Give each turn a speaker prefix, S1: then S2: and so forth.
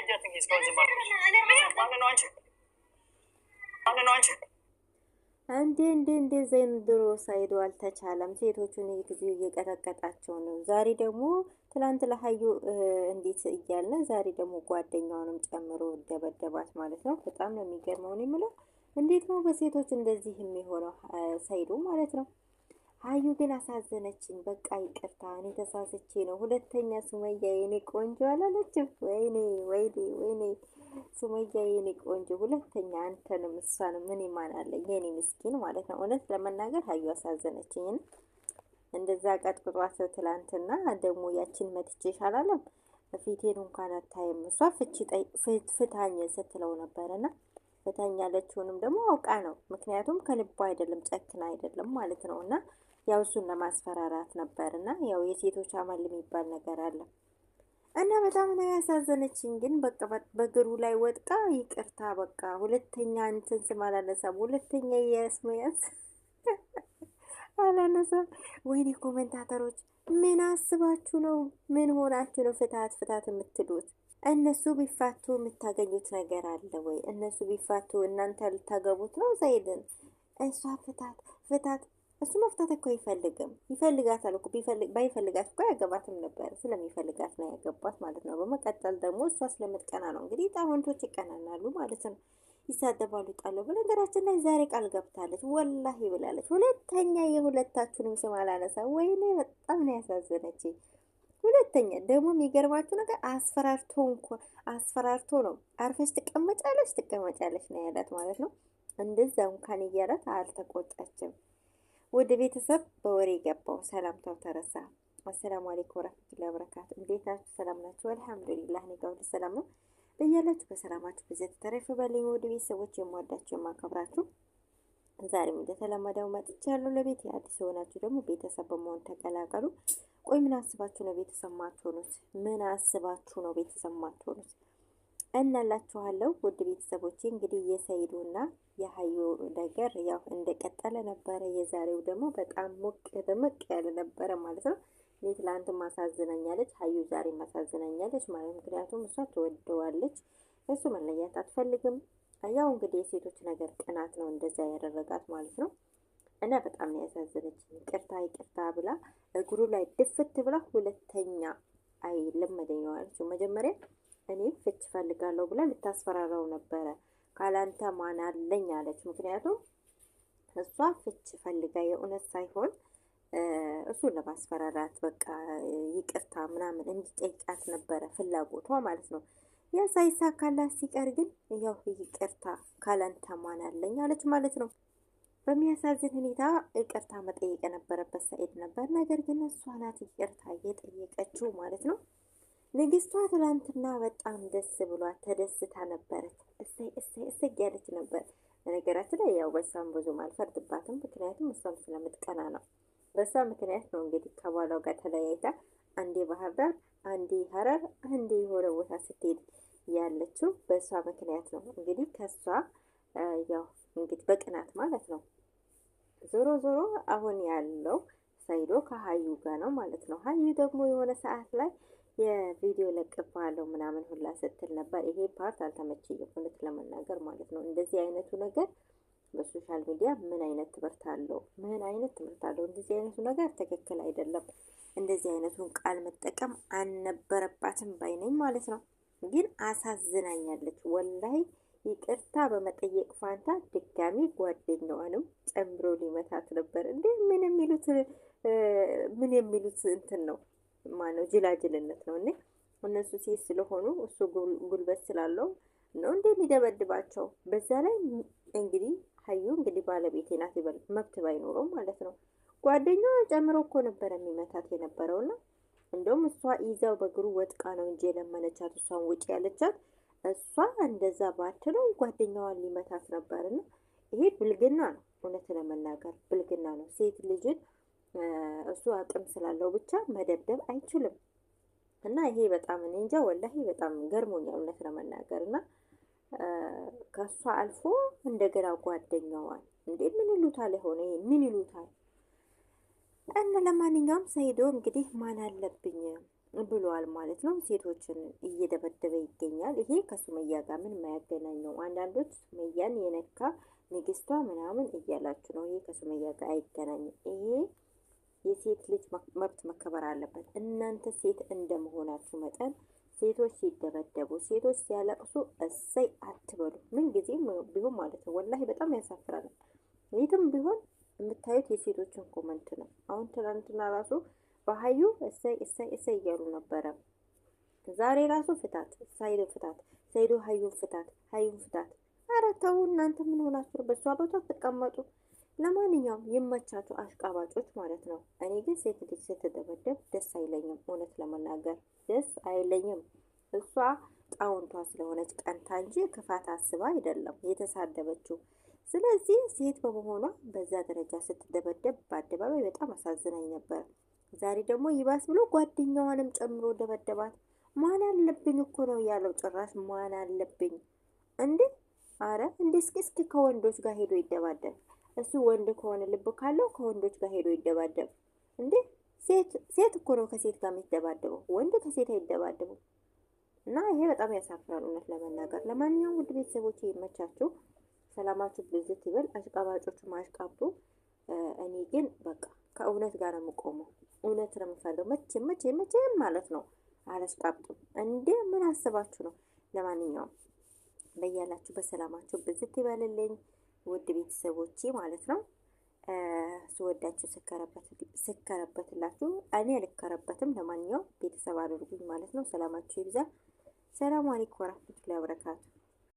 S1: ፈጀት እንጂ እስካሁን ዝም አንቺ
S2: እንዴ እንዴ እንዴ ዘይን ሳይዶ አልተቻለም። ሴቶቹን ጊዜው እየቀጠቀጣቸው ነው። ዛሬ ደግሞ ትላንት ለሀዩ እንዴት እያለ ዛሬ ደግሞ ጓደኛውንም ጨምሮ ደበደባት ማለት ነው። በጣም ነው የሚገርመውን የምለው እንዴት ነው በሴቶች እንደዚህ የሚሆነው ሰይዶ ማለት ነው። ሀዩ ግን አሳዘነችኝ። በቃ ይቅርታ እኔ ተሳስቼ ነው። ሁለተኛ ሱመያ የኔ ቆንጆ አላለችም። ወይኔ ወይኔ ወይኔ ሱመያ የኔ ቆንጆ ሁለተኛ አንተንም እሷንም ምን ማን አለ የኔ ምስኪን ማለት ነው። እውነት ለመናገር ሀዩ አሳዘነችኝ። እንደዛ ቀጥቅጧት ትላንትና ደግሞ ያችን መትቼሽ አላለም። ፊቴን እንኳን አታይም እሷ ፍታኝ ስትለው ነበረና ፍታኝ ያለችውንም ደግሞ አውቃ ነው። ምክንያቱም ከልባ አይደለም ጨክና አይደለም ማለት ነው እና ያው እሱን ለማስፈራራት ነበር እና ያው የሴቶች አማል የሚባል ነገር አለ እና በጣም ነው ያሳዘነችኝ። ግን በቃ በእግሩ ላይ ወድቃ ይቅርታ በቃ ሁለተኛ እንትን ስም አላነሳም፣ ሁለተኛ የስመያዝ አላነሳም። ወይኔ ኮሜንታተሮች ምን አስባችሁ ነው? ምን ሆናችሁ ነው ፍትሀት ፍትሀት የምትሉት? እነሱ ቢፋቱ የምታገኙት ነገር አለ ወይ? እነሱ ቢፋቱ እናንተ ልታገቡት ነው? ዘይድን እሷ ፍታት ፍታት እሱ መፍታት እኮ አይፈልግም። ይፈልጋታል እኮ ባይፈልጋት እኮ አያገባትም ነበር። ስለሚፈልጋት ነው ያገባት ማለት ነው። በመቀጠል ደግሞ እሷ ስለምትቀና ነው እንግዲህ ጣወንቶች ይቀናናሉ ማለት ነው። ይሳደባሉ፣ ይጣሉ። በነገራችን ላይ ዛሬ ቃል ገብታለች፣ ወላሂ ብላለች። ሁለተኛ የሁለታችሁንም ስም አላነሳ። ወይኔ በጣም ነው ያሳዘነች። ሁለተኛ ደግሞ የሚገርማችሁ ነገር አስፈራርቶ እንኳ አስፈራርቶ ነው አርፈሽ ትቀመጫለች ትቀመጫለች ነው ያላት ማለት ነው። እንደዛ እንኳን እያላት አልተቆጣችም። ወደ ቤተሰብ በወሬ ገባው። ሰላምታው ተረሳ። አሰላሙ አለይኩም ወራህመቱላሂ ወበረካቱ። እንዴት ናችሁ? ሰላም ናችሁ? አልሐምዱሊላህ እኔ ጋር ሁሉ ሰላም ነው። በያላችሁ በሰላማችሁ ብዘት ተረፍ በልኝ። ወደ ቤተሰቦች የማወዳችሁ የማከብራችሁ፣ ዛሬም እንደተለመደው መጥቻለሁ። ለቤት የአዲስ የሆናችሁ ደግሞ ቤተሰብ በመሆን ተቀላቀሉ። ቆይ ምን አስባችሁ ነው ቤተሰብ ማትሆኑት? ምን አስባችሁ ነው ቤተሰብ ማትሆኑት? እናላችኋለሁ ውድ ቤተሰቦቼ እንግዲህ የሰይዱና የሀዩ ነገር ያው እንደቀጠለ ነበረ። የዛሬው ደግሞ በጣም ሞቅ ደመቅ ያለ ነበረ ማለት ነው። እኔ ትላንት ማሳዝነኛለች፣ ሀዩ ዛሬ ማሳዝነኛለች ማለት ምክንያቱም እሷ ትወደዋለች፣ እሱ መለያት አትፈልግም። ያው እንግዲህ የሴቶች ነገር ቅናት ነው እንደዚያ ያደረጋት ማለት ነው። እና በጣም ነው ያሳዘነች። ይቅርታ ይቅርታ ብላ እግሩ ላይ ድፍት ብላ ሁለተኛ አይ ለመደኛዋለች። መጀመሪያ እኔ ፍች ፈልጋለሁ ብላ ልታስፈራራው ነበረ ካላንተ ማን አለኝ አለች። ምክንያቱም እሷ ፍች ፈልጋ የእውነት ሳይሆን እሱን ለማስፈራራት በቃ ይቅርታ ምናምን እንዲጠይቃት ነበረ ፍላጎቷ ማለት ነው። ያ ሳይሳካላት ሲቀር ግን ያው ይቅርታ ካላንተ ማን አለኝ አለች ማለት ነው። በሚያሳዝን ሁኔታ ይቅርታ መጠየቅ የነበረበት ሰኢድ ነበር። ነገር ግን እሷ ናት ይቅርታ እየጠየቀችው ማለት ነው። ንግስቷ ትላንትና በጣም ደስ ብሏ ተደስታ ነበረች። እሰይ እሰይ እሰይ ያለች ነበር። በነገራችን ላይ ያው በሷም ብዙም አልፈርድባትም፣ ምክንያቱም እሷም ስለምትቀና ነው። በሷ ምክንያት ነው እንግዲህ ከባሏ ጋር ተለያይታ አንዴ ባህር ዳር፣ አንዴ ሀረር አንዴ የሆነ ቦታ ስትሄድ ያለችው በእሷ ምክንያት ነው። እንግዲህ ከሷ ያው እንግዲህ በቅናት ማለት ነው። ዞሮ ዞሮ አሁን ያለው ሰይዶ ከሀዩ ጋር ነው ማለት ነው። ሀዩ ደግሞ የሆነ ሰዓት ላይ የቪዲዮ ለቅባለው ምናምን ሁላ ስትል ነበር። ይሄ ፓርት አልተመቸኝም፣ እውነት ለመናገር ማለት ነው። እንደዚህ አይነቱ ነገር በሶሻል ሚዲያ ምን አይነት ትምህርት አለው? ምን አይነት ትምህርት አለው? እንደዚህ አይነቱ ነገር ትክክል አይደለም። እንደዚህ አይነቱን ቃል መጠቀም አልነበረባትም ባይነኝ ማለት ነው። ግን አሳዝናኛለች ወላይ ይቅርታ በመጠየቅ ፋንታ ድጋሚ ጓደኛዋንም ጨምሮ ሊመታት ነበር። እንዴ ምን የሚሉት ምን የሚሉት እንትን ነው ማነው ጅላጅልነት ነው። እኔ እነሱ ሴት ስለሆኑ እሱ ጉልበት ስላለው ነው እንዴ የሚደበድባቸው? በዛ ላይ እንግዲህ ሀዩ እንግዲህ ባለቤቴ ናት ይበል መብት ባይኖረው ማለት ነው። ጓደኛዋ ጨምሮ እኮ ነበረ የሚመታት የነበረውና እንደውም እሷ ይዛው በእግሩ ወጥቃ ነው እንጂ የለመነቻት እሷን ውጭ ያለቻት እሷ እንደዛ ባትለው ጓደኛዋን ሊመታት ነበርና ይሄ ብልግና ነው። እውነት ለመናገር ብልግና ነው። ሴት ልጅን እሱ አቅም ስላለው ብቻ መደብደብ አይችልም። እና ይሄ በጣም እኔ እንጃ ወላሂ በጣም ገርሞኛል እውነት ለመናገር እና ከእሷ አልፎ እንደገና ጓደኛዋል እንዴ ምን ይሉታል የሆነ ይሄ ምን ይሉታል? እና ለማንኛውም ሰይዶ እንግዲህ ማን አለብኝ ብሏል ማለት ነው። ሴቶችን እየደበደበ ይገኛል። ይሄ ከሱመያ ጋር ምን የማያገናኘው? አንዳንዶች ሱመያን የነካ ንግስቷ ምናምን እያላችሁ ነው። ይሄ ከሱመያ ጋር አይገናኝም። ይሄ የሴት ልጅ መብት መከበር አለበት። እናንተ ሴት እንደመሆናችሁ መጠን ሴቶች ሲደበደቡ፣ ሴቶች ሲያለቅሱ እሰይ አትበሉ። ምን ጊዜ ቢሆን ማለት ነው። ወላሂ በጣም ያሳፍራል። የትም ቢሆን የምታዩት የሴቶችን ኮመንት ነው። አሁን ትናንትና ራሱ በሀዩ እሰይ እሰይ እሰይ እያሉ ነበረ። ዛሬ ራሱ ፍታት፣ ሳይዶ ፍታት፣ ሳይዶ ሀዩን ፍታት፣ ሀዩን ፍታት። ኧረ ተው እናንተ ምን ሆናችሁ በሷ ቦታ ትቀመጡ? ለማንኛውም የማቻችሁ አሽቃባጮች ማለት ነው። እኔ ግን ሴት ልጅ ስትደበደብ ደስ አይለኝም፣ እውነት ለመናገር ደስ አይለኝም። እሷ ጣውንቷ ስለሆነች ቀንታ እንጂ ክፋት አስባ አይደለም የተሳደበችው። ስለዚህ ሴት በመሆኗ በዛ ደረጃ ስትደበደብ በአደባባይ በጣም አሳዝናኝ ነበር። ዛሬ ደግሞ ይባስ ብሎ ጓደኛዋንም ጨምሮ ደበደባት። ማን አለብኝ እኮ ነው ያለው። ጭራሽ ማን አለብኝ እንዴ! አረ እንዴ! እስኪ እስኪ ከወንዶች ጋር ሄዶ ይደባደብ። እሱ ወንድ ከሆነ ልብ ካለው ከወንዶች ጋር ሄዶ ይደባደብ እንዴ! ሴት እኮ ነው ከሴት ጋር የሚደባደበው፣ ወንድ ከሴት አይደባደበው። እና ይሄ በጣም ያሳፍራል እውነት ለመናገር። ለማንኛውም ውድ ቤተሰቦች ይመቻችሁ፣ ሰላማችሁ ብዝት ይበል። አሽቃባጮቹ ማሽቃብጡ። እኔ ግን በቃ ከእውነት ጋር ነው የምቆመው። እውነት ነው የምፈልገው። መቼም መቼም መቼም ማለት ነው አላሽቃብጡ። እንዴ ምን አስባችሁ ነው? ለማንኛውም በያላችሁ በሰላማችሁ ብዝት ይበልልኝ። ውድ ቤተሰቦቼ ማለት ነው። ስወዳችሁ ስከረበትላችሁ፣ እኔ አልከረበትም። ለማንኛውም ቤተሰብ አድርጉኝ ማለት ነው። ሰላማችሁ ይብዛ። ሰላም አለይኩም ወራህመቱላሂ ወበረካቱ